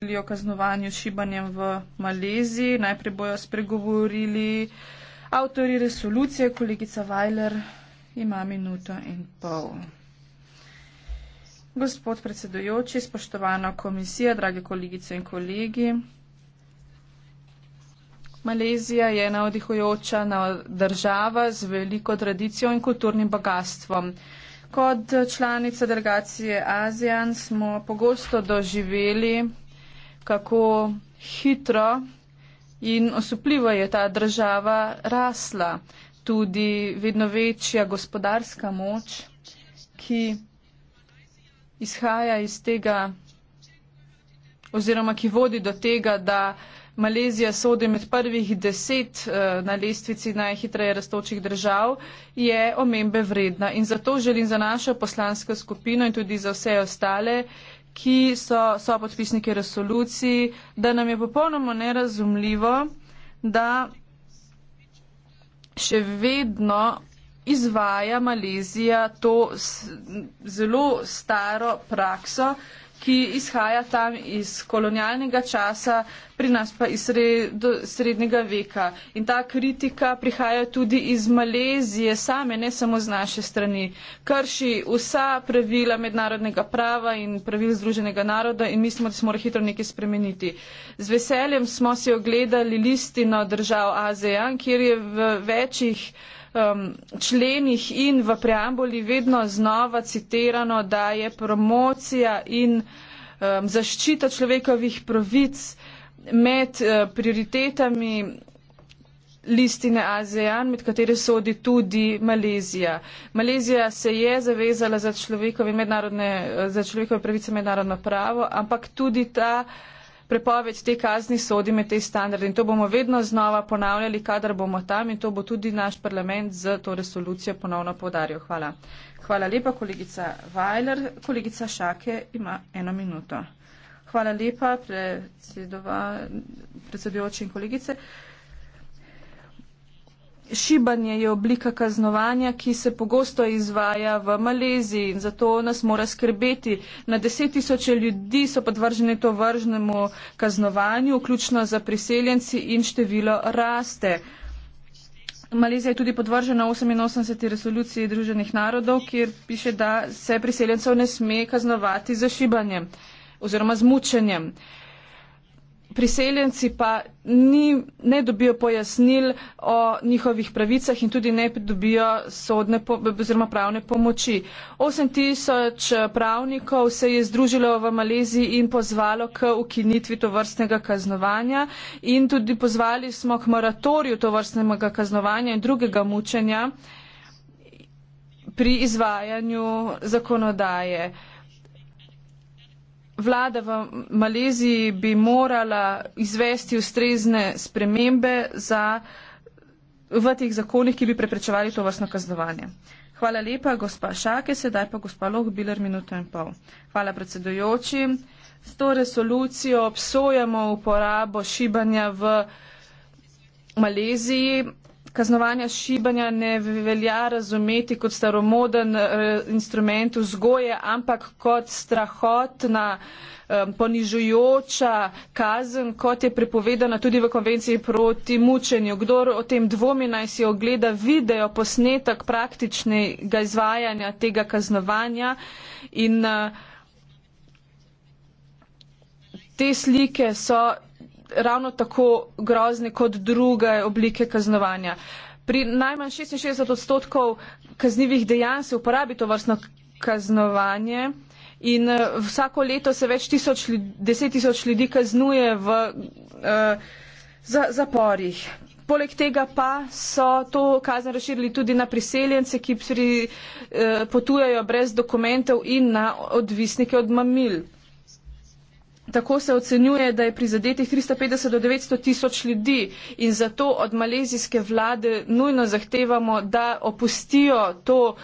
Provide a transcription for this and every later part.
govorili o kaznovanju šibanjem v Maleziji. Najprej bojo spregovorili avtori resolucije, kolegica Vajler ima minuto in pol. Gospod predsedujoči, spoštovana komisija, drage kolegice in kolegi. Malezija je navdihujoča država z veliko tradicijo in kulturnim bogatstvom. Kot članica delegacije ASEAN smo pogosto doživeli kako hitro in osupljivo je ta država rasla, tudi vedno večja gospodarska moč, ki izhaja iz tega oziroma ki vodi do tega, da Malezija sodi med prvih deset eh, na lestvici najhitreje rastočih držav, je omembe vredna. In zato želim za našo poslansko skupino in tudi za vse ostale, ki so, so podpisniki resoluciji, da nam je popolnoma nerazumljivo, da še vedno izvaja Malezija to zelo staro prakso, ki izhaja tam iz kolonialnega časa, pri nas pa iz sred, srednjega veka. In ta kritika prihaja tudi iz Malezije same, ne samo z naše strani. Krši vsa pravila mednarodnega prava in pravil Združenega naroda in mislimo, da se mora hitro nekaj spremeniti. Z veseljem smo si ogledali listino držav ASEAN, kjer je v večjih um, členih in v preambuli vedno znova citirano, da je promocija in um, zaščita človekovih pravic med uh, prioritetami listine ASEAN, med katere sodi tudi Malezija. Malezija se je zavezala za človekove, uh, za človekove pravice mednarodno pravo, ampak tudi ta prepoved te kazni sodi med te standarde in to bomo vedno znova ponavljali, kadar bomo tam in to bo tudi naš parlament z to resolucijo ponovno podaril. Hvala. Hvala lepa, kolegica Vajler. Kolegica Šake ima eno minuto. Hvala lepa, predsedujoči in kolegice. Šibanje je oblika kaznovanja, ki se pogosto izvaja v Maleziji in zato nas mora skrbeti. Na deset tisoče ljudi so podvrženi to vržnemu kaznovanju, vključno za priseljenci in število raste. Malezija je tudi podvržena 88. resoluciji Združenih narodov, kjer piše, da se priseljencev ne sme kaznovati za šibanjem oziroma z mučenjem priseljenci pa ni, ne dobijo pojasnil o njihovih pravicah in tudi ne dobijo sodne oziroma pravne pomoči. 8 tisoč eh, pravnikov se je združilo v Maleziji in pozvalo k ukinitvi tovrstnega kaznovanja in tudi pozvali smo k moratorju tovrstnega kaznovanja in drugega mučenja pri izvajanju zakonodaje. Uh, Vlada v Maleziji bi morala izvesti ustrezne spremembe za, v teh zakonih, ki bi preprečevali to vrstno kaznovanje. Hvala lepa, gospa Šake, sedaj pa gospa Loh, biler minuto in pol. Hvala predsedujoči. S to resolucijo obsojamo uporabo šibanja v Maleziji kaznovanja šibanja ne velja razumeti kot staromoden eh, instrument vzgoje, ampak kot strahotna, eh, ponižujoča kazen, kot je prepovedana tudi v konvenciji proti mučenju. Kdor o tem dvomi naj si ogleda video posnetek praktičnega izvajanja tega kaznovanja in eh, Te slike so ravno tako grozne kot druge oblike kaznovanja. Pri najmanj 66 odstotkov kaznivih dejanj se uporabi to vrstno kaznovanje in eh, vsako leto se več tisoč, deset tisoč ljudi kaznuje v uh, za, zaporih. Poleg tega pa so to kazen razširili tudi na priseljence, ki pri, eh, potujejo brez dokumentov in na odvisnike od mamil. Tako se ocenjuje, da je prizadetih 350 do 900 tisoč ljudi in zato od malezijske vlade nujno zahtevamo, da opustijo to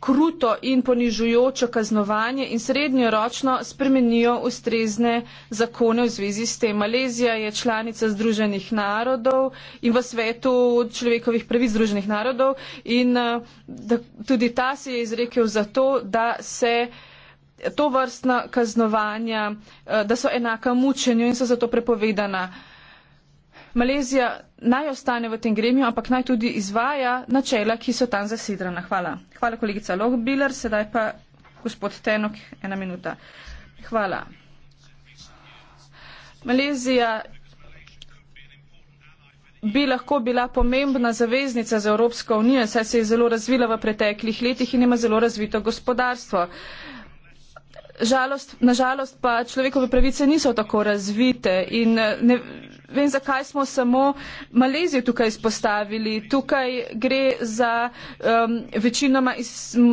kruto in ponižujočo kaznovanje in srednjeročno spremenijo ustrezne zakone v zvezi s tem. Malezija je članica Združenih narodov in v svetu človekovih pravic Združenih narodov in eh, da, tudi ta se je izrekel za to, da se to vrstna kaznovanja, eh, da so enaka mučenju in so zato prepovedana. Malezija naj ostane v tem gremiju, ampak naj tudi izvaja načela, ki so tam zasidrana. Hvala. Hvala, kolegica Lohbiler. Sedaj pa gospod Tenok, ena minuta. Hvala. Malezija bi lahko bila pomembna zaveznica za Evropsko unijo, saj se je zelo razvila v preteklih letih in ima zelo razvito gospodarstvo žalost, na žalost pa človekove pravice niso tako razvite in eh, ne, vem, zakaj smo samo Malezijo tukaj izpostavili. Tukaj gre za um, večinoma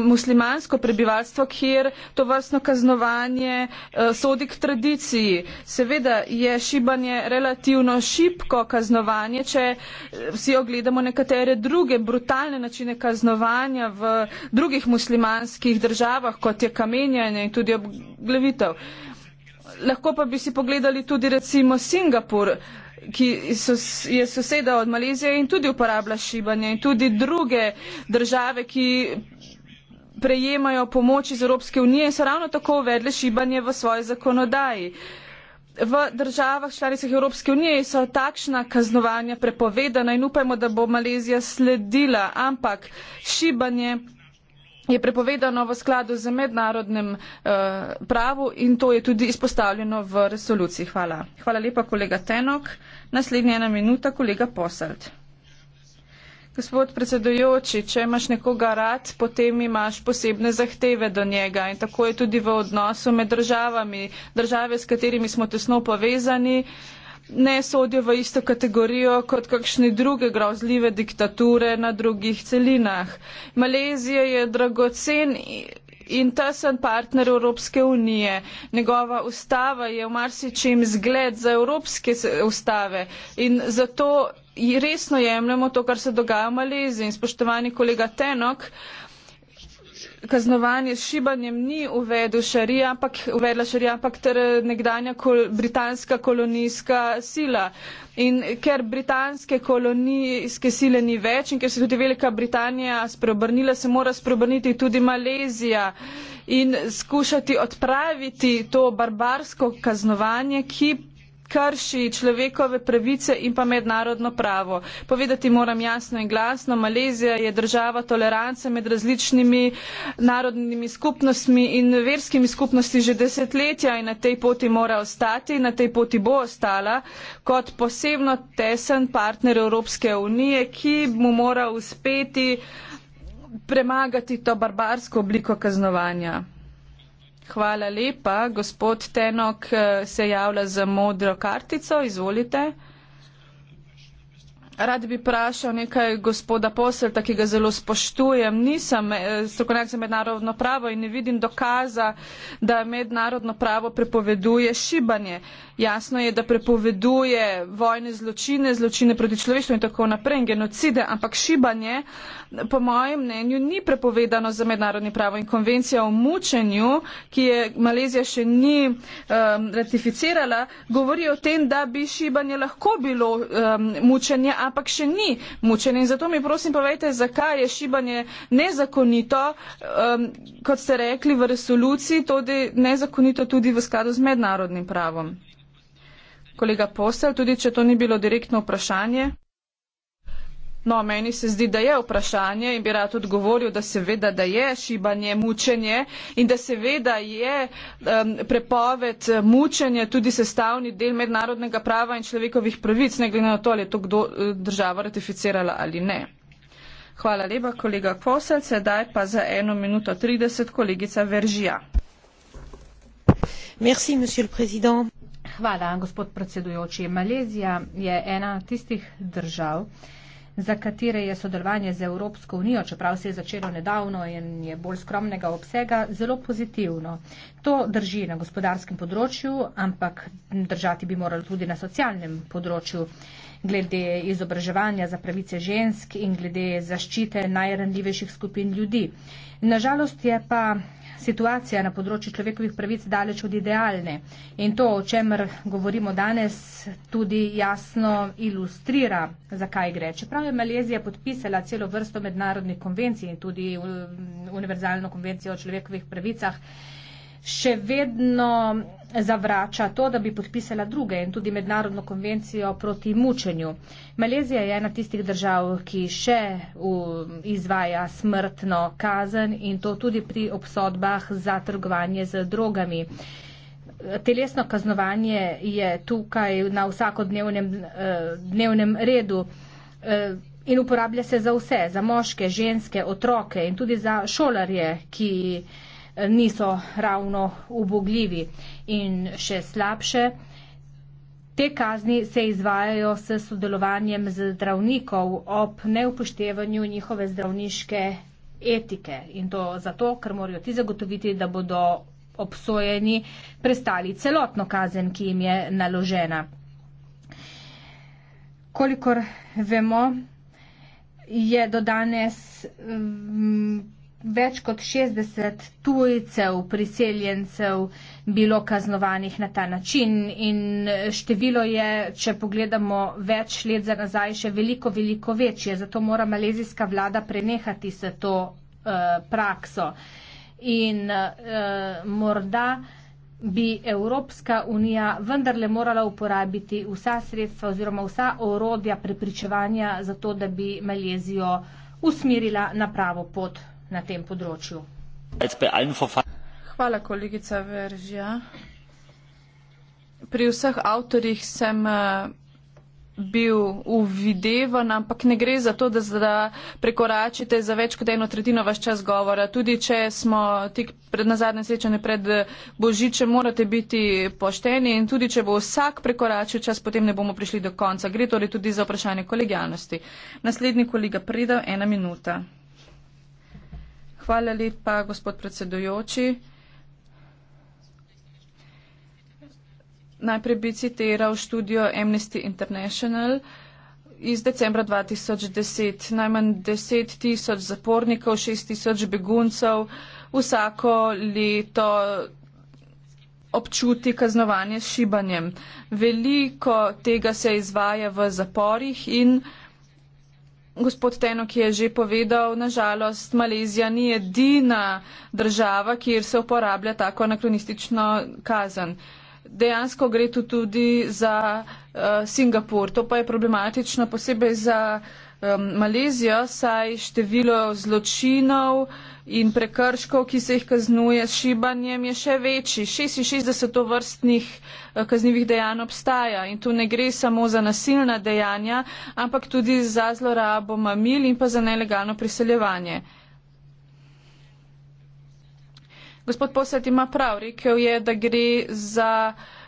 muslimansko prebivalstvo, kjer to vrstno kaznovanje uh, sodi k tradiciji. Seveda je šibanje relativno šipko kaznovanje, če vsi uh, ogledamo nekatere druge brutalne načine kaznovanja v drugih muslimanskih državah, kot je kamenjanje in tudi obglavitev. Lahko pa bi si pogledali tudi recimo Singapur ki so, je soseda od Malezije in tudi uporablja šibanje in tudi druge države, ki prejemajo pomoč iz Evropske unije, so ravno tako uvedli šibanje v svoje zakonodaji. V državah članicah Evropske unije so takšna kaznovanja prepovedana in upajmo, da bo Malezija sledila, ampak šibanje je prepovedano v skladu z mednarodnim eh, pravu in to je tudi izpostavljeno v resoluciji. Hvala. Hvala lepa, kolega Tenok. Naslednja ena minuta, kolega Posald. Gospod predsedujoči, če imaš nekoga rad, potem imaš posebne zahteve do njega in tako je tudi v odnosu med državami, države, s katerimi smo tesno povezani. Uh, ne sodijo v isto kategorijo kot kakšne druge grozljive diktature na drugih celinah. Malezija je dragocen in tesen partner Evropske unije. Njegova ustava je v marsičem zgled za evropske ustave in zato resno jemljamo to, kar se dogaja v Maleziji. In spoštovani kolega Tenok, kaznovanje s šibanjem ni uvedel šarija, ampak, uvedla šarija, ampak ter nekdanja kol, britanska kolonijska sila. In ker britanske kolonijske sile ni več in ker se tudi Velika Britanija spreobrnila, se mora spreobrniti tudi Malezija in skušati odpraviti to barbarsko kaznovanje, ki krši človekove pravice in pa mednarodno pravo. Povedati moram jasno in glasno, Malezija je država tolerance med različnimi narodnimi skupnostmi in verskimi skupnostmi že desetletja in na tej poti mora ostati, na tej poti bo ostala kot posebno tesen partner Evropske unije, ki mu mora uspeti premagati to barbarsko obliko kaznovanja. Hvala lepa. Gospod Tenok eh, se javlja z modro kartico. Izvolite. Rad bi vprašal nekaj gospoda Poselta, ki ga zelo spoštujem. Nisem eh, strokovnjak za mednarodno pravo in ne vidim dokaza, da mednarodno pravo prepoveduje šibanje. Jasno je, da prepoveduje vojne zločine, zločine proti človeštvu in tako naprej, in genocide, ampak šibanje, po mojem mnenju, ni prepovedano za mednarodno pravo. In konvencija o mučenju, ki je Malezija še ni um, ratificirala, govori o tem, da bi šibanje lahko bilo um, mučenje ampak še ni mučenje. In zato mi prosim povejte, zakaj je šibanje nezakonito, um, kot ste rekli v resoluciji, tudi nezakonito tudi v skladu z mednarodnim pravom. Kolega Posel, tudi če to ni bilo direktno vprašanje. No, meni se zdi, da je vprašanje in bi rad odgovoril, da seveda, da je šibanje, mučenje in da seveda je um, prepoved eh, mučenja tudi sestavni del mednarodnega prava in človekovih pravic, ne glede na to, ali je to kdo eh, država ratificirala ali ne. Hvala lepa, kolega Kosel. Sedaj pa za eno minuto 30 kolegica Veržija. Merci, Hvala, gospod predsedujoči. Malezija je ena tistih držav, za katere je sodelovanje z Evropsko unijo, čeprav se je začelo nedavno in je bolj skromnega obsega, zelo pozitivno. To drži na gospodarskem področju, ampak držati bi moralo tudi na socialnem področju glede izobraževanja za pravice žensk in glede zaščite najrandljivejših skupin ljudi. Nažalost je pa situacija na področju človekovih pravic daleč od idealne. In to, o čemer govorimo danes, tudi jasno ilustrira, zakaj gre. Čeprav je Malezija podpisala celo vrsto mednarodnih konvencij in tudi um, univerzalno konvencijo o človekovih pravicah, še vedno zavrača to, da bi podpisala druge in tudi mednarodno konvencijo proti mučenju. Malezija je ena tistih držav, ki še izvaja smrtno kazen in to tudi pri obsodbah za trgovanje z drogami. Telesno kaznovanje je tukaj na vsakodnevnem eh, dnevnem redu eh, in uporablja se za vse, za moške, ženske, otroke in tudi za šolarje, ki niso ravno ubogljivi. In še slabše, te kazni se izvajajo s sodelovanjem zdravnikov ob neupoštevanju njihove zdravniške etike. In to zato, ker morajo ti zagotoviti, da bodo obsojeni prestali celotno kazen, ki jim je naložena. Kolikor vemo, je do danes. Um, več kot 60 tujcev, priseljencev bilo kaznovanih na ta način in število je, če pogledamo več let za nazaj, še veliko, veliko večje. Zato mora malezijska vlada prenehati se to uh, prakso. In uh, morda bi Evropska unija vendarle morala uporabiti vsa sredstva oziroma vsa orodja prepričevanja za to, da bi Malezijo usmirila na pravo pot na tem področju. Hvala, kolegica Veržja. Pri vseh avtorjih sem eh, bil uvidevan, ampak ne gre za to, da, da prekoračite za več kot eno tretjino vaš čas govora. Tudi če smo tik pred nazadnje srečanje pred eh, Božičem, morate biti pošteni in tudi če bo vsak prekoračil čas, potem ne bomo prišli do konca. Gre torej tudi za vprašanje kolegijalnosti. Naslednji kolega pridal, ena minuta. Hvala lepa, gospod predsedujoči. Najprej bi citiral študijo Amnesty International iz decembra 2010. Najmanj 10 tisoč zapornikov, 6 tisoč beguncev vsako leto občuti kaznovanje s šibanjem. Veliko tega se izvaja v zaporih in Gospod Tenok je že povedal, nažalost, Malezija ni edina država, kjer se uporablja tako anakronistično kazen. Dejansko gre tu tudi za uh, Singapur. To pa je problematično posebej za um, Malezijo, saj število zločinov uh, in prekrškov, ki se jih kaznuje s šibanjem, je še večji. 66 vrstnih eh, kaznjivih dejanj obstaja in tu ne gre samo za nasilna dejanja, ampak tudi za zlorabo mamil in pa za nelegalno priseljevanje. Gospod Posed ima prav, rekel je, da gre za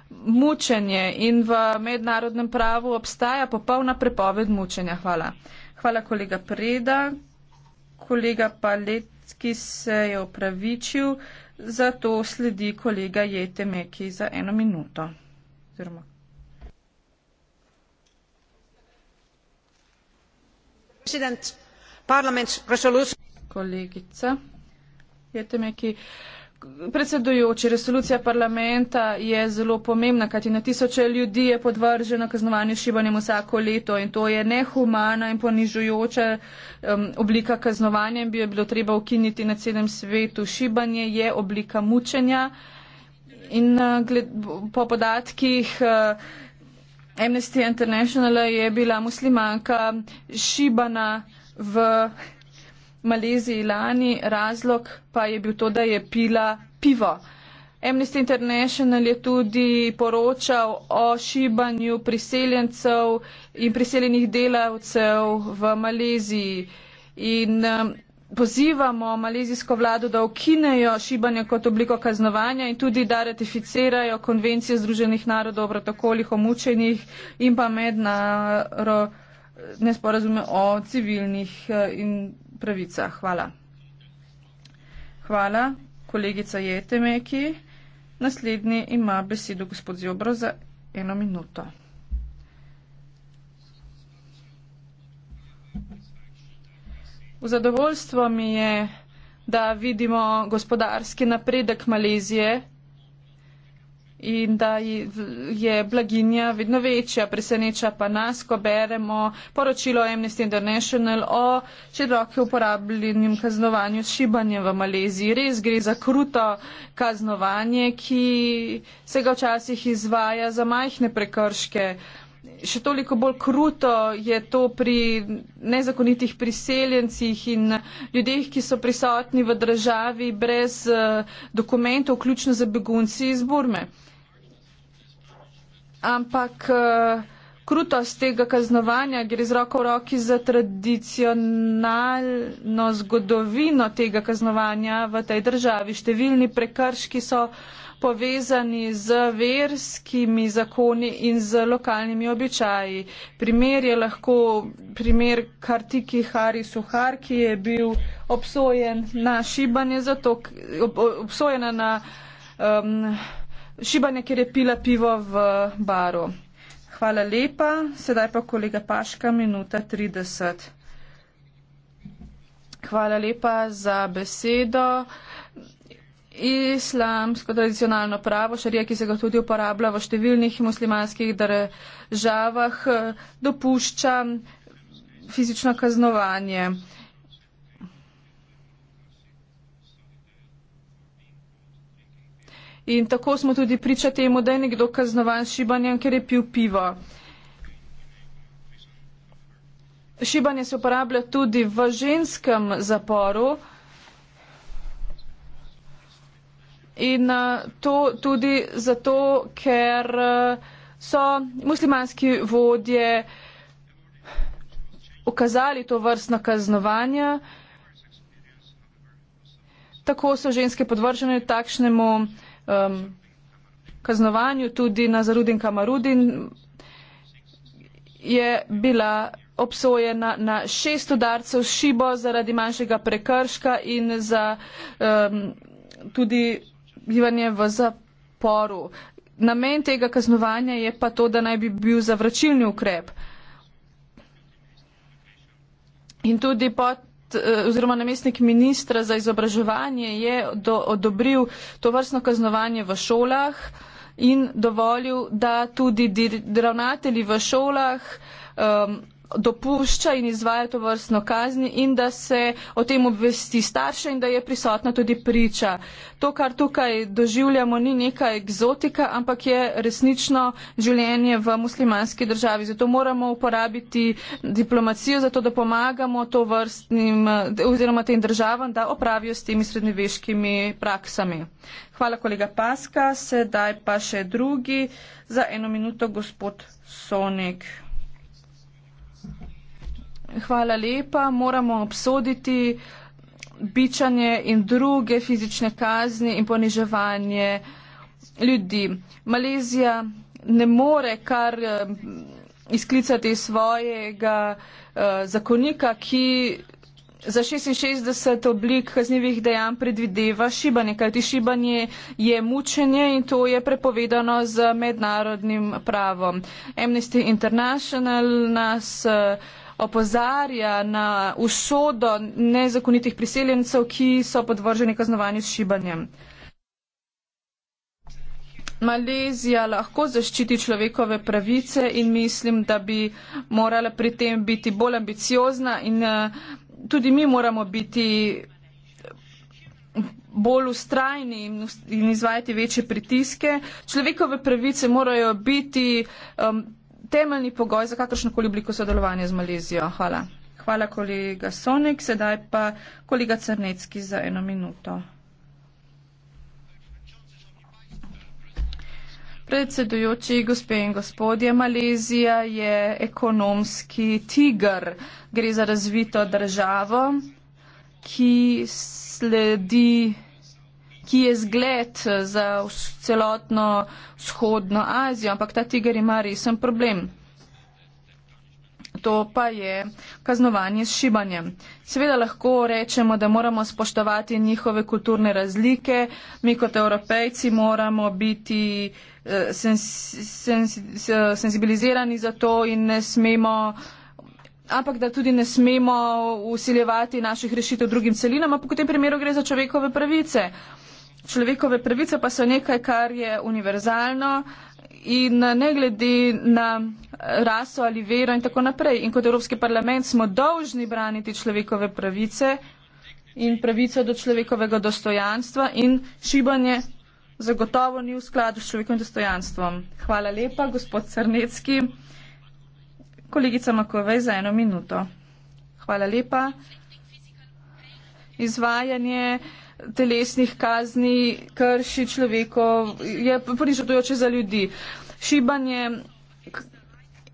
mučenje in v mednarodnem pravu obstaja popolna prepoved mučenja. Hvala. Hvala kolega Preda, kolega Palet ki se je opravičil, zato sledi kolega Jete Meki za eno minuto. Zdravo. Kolegica Jete Meki. Predsedujoči, resolucija parlamenta je zelo pomembna, kajti na tisoče ljudi je podvrženo kaznovanju šibanjem vsako leto in to je nehumana in ponižujoča um, oblika kaznovanja in bi jo bilo treba ukiniti na celem svetu. Šibanje je oblika mučenja in uh, gled, po podatkih uh, Amnesty International je bila muslimanka šibana v. Maleziji lani, razlog pa je bil to, da je pila pivo. Amnesty International je tudi poročal o šibanju priseljencev in priseljenih delavcev v Maleziji. In um, pozivamo malezijsko vlado, da okinejo šibanje kot obliko kaznovanja in tudi da ratificirajo konvencije Združenih narodov o protokolih o mučenih in pa mednarodne sporazume o civilnih eh, in pravica. Hvala. Hvala, kolegica Jetemeki. Naslednji ima besedo gospod Zjobro za eno minuto. V zadovoljstvo mi je, da vidimo gospodarski napredek Malezije, in da je blaginja vedno večja. Preseneča pa nas, ko beremo poročilo Amnesty International o široke uporabljenim kaznovanju s šibanjem v Maleziji. Res gre za kruto kaznovanje, ki se ga včasih izvaja za majhne prekrške. Še toliko bolj kruto je to pri nezakonitih priseljencih in ljudeh, ki so prisotni v državi brez eh, dokumentov, vključno za begunci iz Burme ampak uh, krutost tega kaznovanja gre z roko v roki za tradicionalno zgodovino tega kaznovanja v tej državi. Številni prekrški so povezani z verskimi zakoni in z lokalnimi običaji. Primer je lahko primer Kartiki Hari Suhar, ki je bil obsojen na šibanje, zato, ob, obsojena na um, šibanje, kjer je pila pivo v baru. Hvala lepa. Sedaj pa kolega Paška, minuta 30. Hvala lepa za besedo. Islamsko tradicionalno pravo, šarija, ki se ga tudi uporablja v številnih muslimanskih državah, dopušča fizično kaznovanje. In tako smo tudi priča temu, da je nekdo kaznovan s šibanjem, ker je pil pivo. Šibanje se uporablja tudi v ženskem zaporu in eh, to tudi zato, ker eh, so muslimanski vodje ukazali to vrstno kaznovanje. Tako so ženske podvržene takšnemu um, kaznovanju, tudi Nazarudin Kamarudin je bila obsojena na šest udarcev šibo zaradi manjšega prekrška in za um, tudi bivanje v zaporu. Namen tega kaznovanja je pa to, da naj bi bil zavračilni ukrep. In tudi pod Eh, oziroma namestnik ministra za izobraževanje je do, odobril to vrstno kaznovanje v šolah in dovolil, da tudi ravnateli v šolah um, dopušča in izvaja to vrstno kazni in da se o tem obvesti starše in da je prisotna tudi priča. To, kar tukaj doživljamo, ni neka egzotika, ampak je resnično življenje v muslimanski državi. Zato moramo uporabiti diplomacijo, zato da pomagamo to vrstnim oziroma tem državam, da opravijo s temi srednjeveškimi praksami. Hvala, kolega Paska. Sedaj pa še drugi. Za eno minuto, gospod Sonik. Hvala lepa. Moramo obsoditi bičanje in druge fizične kazni in poniževanje ljudi. Malezija ne more kar eh, izklicati svojega uh, zakonika, ki Za 66 oblik kaznjivih dejanj predvideva šibanje, kajti šibanje je mučenje in to je prepovedano z mednarodnim pravom. Amnesty International nas eh, opozarja na usodo nezakonitih priseljencev, ki so podvrženi kaznovanju s šibanjem. Malezija lahko zaščiti človekove pravice in mislim, da bi morala pri tem biti bolj ambiciozna in uh, tudi mi moramo biti bolj ustrajni in izvajati večje pritiske. Človekove pravice morajo biti um, temeljni pogoj za kakršnokoli obliko sodelovanja z Malezijo. Hvala. Hvala kolega Sonek, sedaj pa kolega Crnecki za eno minuto. Predsedujoči, gospe in gospodje, Malezija je ekonomski tiger. Gre za razvito državo, ki sledi ki je zgled za celotno vzhodno Azijo, ampak ta tiger ima resen problem. To pa je kaznovanje s šibanjem. Seveda lahko rečemo, da moramo spoštovati njihove kulturne razlike. Mi kot evropejci moramo biti Eh, sens, sens, senzibilizirani za to in ne smemo, ampak da tudi ne smemo usiljevati naših rešitev drugim celinam, ampak v tem primeru gre za človekove pravice. Človekove pravice pa so nekaj, kar je univerzalno in ne glede na raso ali vero in tako naprej. In kot Evropski parlament smo dolžni braniti človekove pravice in pravico do človekovega dostojanstva in šibanje zagotovo ni v skladu s človekovim dostojanstvom. Hvala lepa, gospod Crnecki. Kolegica Makovej za eno minuto. Hvala lepa. Izvajanje telesnih kazni krši človeko, je ponižadojoče za ljudi. Šibanje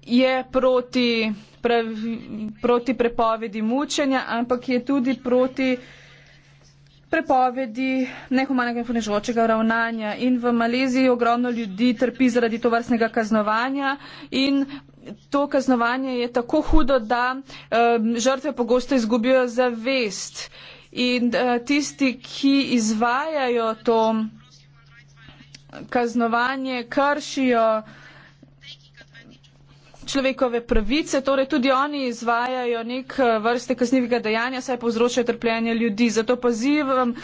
je proti, pravi, proti prepovedi mučenja, ampak je tudi proti prepovedi, nehumanega in ponižočega ravnanja in v Maleziji ogromno ljudi trpi zaradi tovrstnega kaznovanja in to kaznovanje je tako hudo, da um, žrtve pogosto izgubijo zavest in uh, tisti, ki izvajajo to kaznovanje, kršijo človekove pravice, torej tudi oni izvajajo nek eh, vrste kaznjivega dejanja, saj povzročajo trpljenje ljudi. Zato pozivam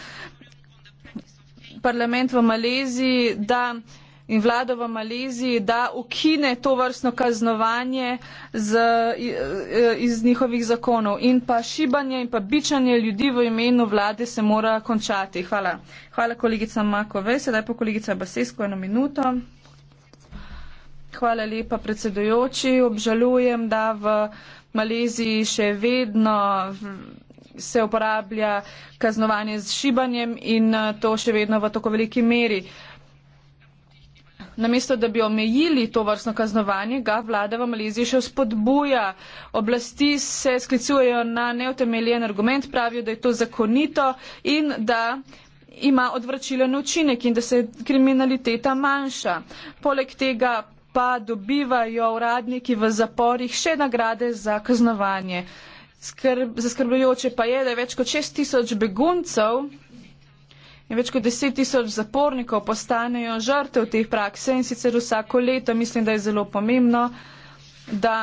parlament v Maleziji da, in vlado v Maleziji, da ukine to vrstno kaznovanje z, eh, iz njihovih zakonov. In pa šibanje in pa bičanje ljudi v imenu vlade se mora končati. Hvala. Hvala kolegica Makove. Sedaj pa kolegica Basesko eno minuto. Hvala lepa, predsedujoči. Obžalujem, da v Maleziji še vedno se uporablja kaznovanje z šibanjem in eh, to še vedno v tako veliki meri. Namesto, da bi omejili to vrstno kaznovanje, ga vlada v Maleziji še spodbuja. Oblasti se sklicujejo na neutemeljen argument, pravijo, da je to zakonito in da ima odvračilen učinek in da se kriminaliteta manjša. Poleg tega pa dobivajo uradniki v zaporih še nagrade za kaznovanje. Skrb, zaskrbljujoče pa je, da je več kot 6 tisoč beguncev in več kot 10 tisoč zapornikov postanejo žrtev teh prakse in sicer vsako leto mislim, da je zelo pomembno, da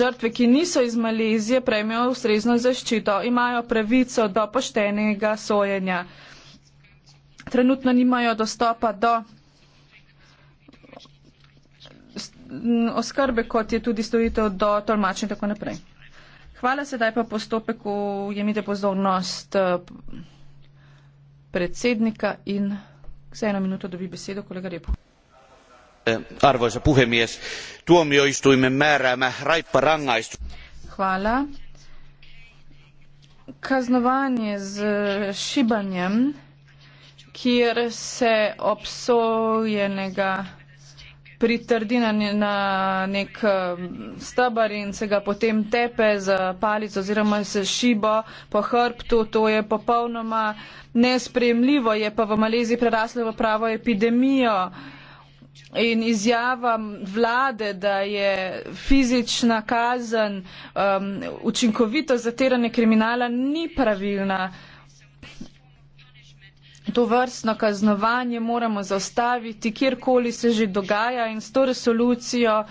žrtve, ki niso iz Malezije, prejmejo ustrezno zaščito, imajo pravico do poštenega sojenja. Trenutno nimajo dostopa do oskrbe, kot je tudi storitev do tolmač in tako naprej. Hvala, sedaj pa postopek ujemite pozornost eh, predsednika in za eno minuto dobi besedo kolega Repo. Eh, arvoisa puhemies, tuomioistuimen määräämä raippa rangaistus. Hvala. Kaznovanje z eh, šibanjem, kjer se obsojenega pritrdi na, na nek um, stebr in se ga potem tepe z palico oziroma se šibo po hrbtu. To je popolnoma nespremljivo, je pa v Maleziji preraslo v pravo epidemijo. In izjava vlade, da je fizična kazen um, učinkovito zatiranje kriminala, ni pravilna. To vrstno kaznovanje moramo zaustaviti, kjerkoli se že dogaja in s to resolucijo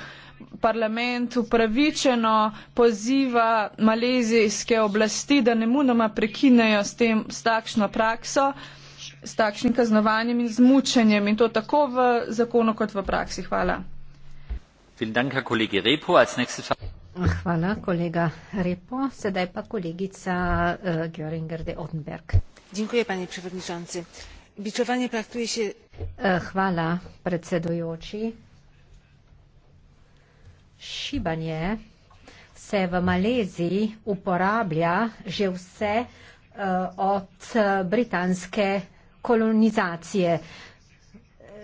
parlament upravičeno poziva malezijske oblasti, da ne munoma prekinejo s, tem, s takšno prakso, s takšnim kaznovanjem in zmučenjem in to tako v zakonu kot v praksi. Hvala. Dank, Repo, Hvala, kolega Repo. Sedaj pa kolegica uh, Göringer de Odenberg panie przewodniczący! biczowanie praktykuje się e, szibanie se w malezji uporablja že vse e, od e, britanske kolonizacije.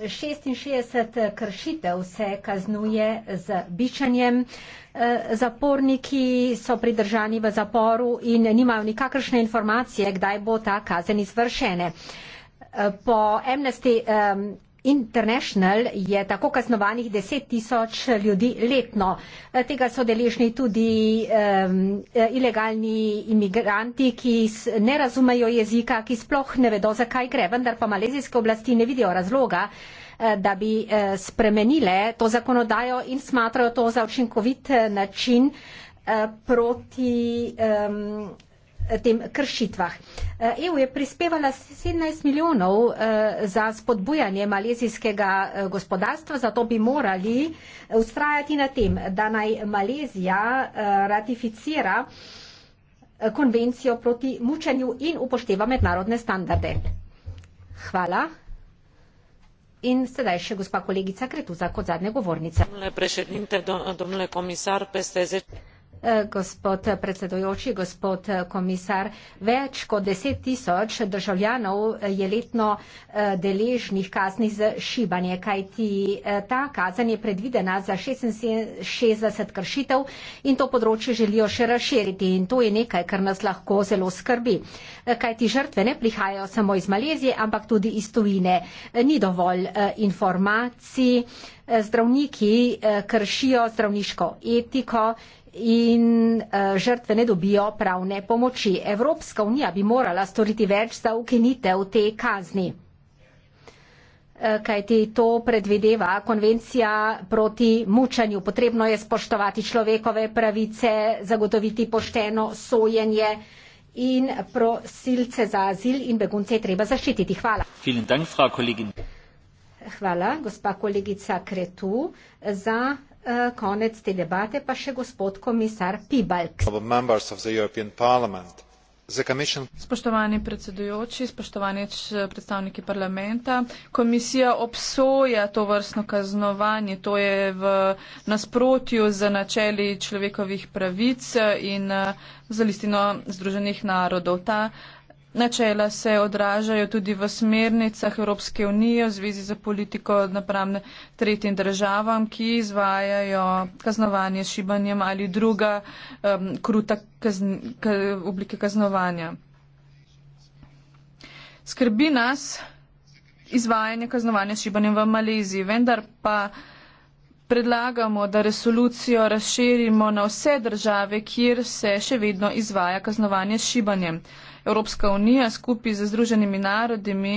66 kršitev se kaznuje z bičanjem. E, zaporniki so pridržani v zaporu in nimajo nikakršne informacije, kdaj bo ta kazen izvršene. E, po Amnesty International je tako kaznovanih deset tisoč ljudi letno. Tega so deležni tudi um, ilegalni imigranti, ki ne razumejo jezika, ki sploh ne vedo, zakaj gre, vendar pa malezijske oblasti ne vidijo razloga, eh, da bi eh, spremenile to zakonodajo in smatrajo to za učinkovit eh, način proti um, tem kršitvah. EU eh, e je prispevala 17 milijonov eh, za spodbujanje malezijskega eh, gospodarstva, zato bi morali ustrajati na tem, da naj Malezija ratificira konvencijo proti mučenju in upošteva mednarodne standarde. Hvala. In sedaj še gospa kolegica Kretuza kot zadnja govornica. Domnule predsednik, domnule komisar, peste zdaj. Eh, gospod predsedujoči, gospod eh, komisar. Več kot deset tisoč državljanov eh, je letno deležnih kazni za šibanje, kajti ta kazen je predvidena za 66 kršitev in to področje želijo še razširiti in to je nekaj, kar nas lahko zelo skrbi. Kajti žrtve ne prihajajo samo iz Malezije, ampak tudi iz tujine. Ni dovolj informacij, zdravniki kršijo zdravniško etiko in uh, žrtve ne dobijo pravne pomoči. Evropska unija bi morala storiti več za ukinitev te kazni. Eh, kajti to predvideva konvencija proti mučanju. Potrebno je spoštovati človekove pravice, zagotoviti pošteno sojenje in prosilce za azil in begunce je treba zaščititi. Hvala. Dank, Hvala, gospa kolegica Kretu, za. Eh, konec te debate pa še gospod komisar Pibalk. Spoštovani predsedujoči, spoštovani predstavniki parlamenta, komisija obsoja to vrstno kaznovanje, to je v nasprotju z načeli človekovih pravic in eh, z listino Združenih narodov. Ta uh, Načela se odražajo tudi v smernicah Evropske unije v zvezi za politiko napram tretjim državam, ki izvajajo kaznovanje s šibanjem ali druga um, kruta kazn, k, oblike kaznovanja. Skrbi nas izvajanje kaznovanja s šibanjem v Maleziji, vendar pa predlagamo, da resolucijo razširimo na vse države, kjer se še vedno izvaja kaznovanje s šibanjem. Evropska unija skupaj z Združenimi narodimi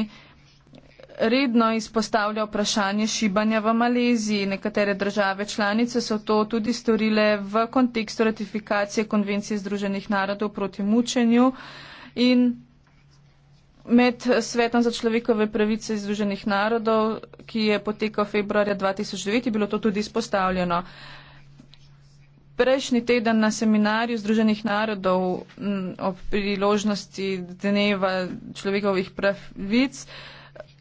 redno izpostavlja vprašanje šibanja v Maleziji. Nekatere države članice so to tudi storile v kontekstu ratifikacije konvencije Združenih narodov proti mučenju in med svetom za človekove pravice Združenih narodov, ki je potekal februarja 2009, je bilo to tudi izpostavljeno. Prejšnji teden na seminarju Združenih narodov o priložnosti dneva človekovih pravic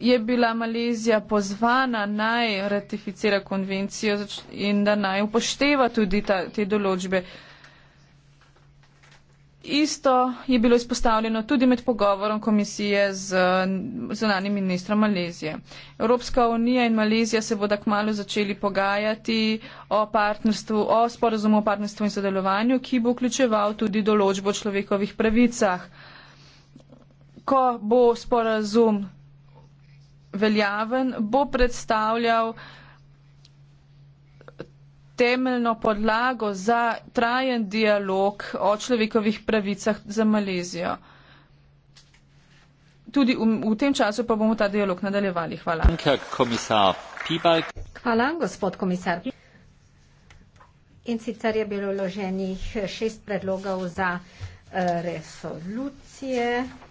je bila Malezija pozvana naj ratificira konvencijo in da naj upošteva tudi ta, te določbe. Isto je bilo izpostavljeno tudi med pogovorom komisije z zunanim ministrom Malezije. Evropska unija in Malezija se bodo kmalo začeli pogajati o, o sporazumu o partnerstvu in sodelovanju, ki bo vključeval tudi določbo o človekovih pravicah. Ko bo sporazum veljaven, bo predstavljal temeljno podlago za trajen dialog o človekovih pravicah za Malezijo. Tudi v, v tem času pa bomo ta dialog nadaljevali. Hvala. Hvala, gospod komisar. In sicer je bilo vloženih šest predlogov za eh, resolucije.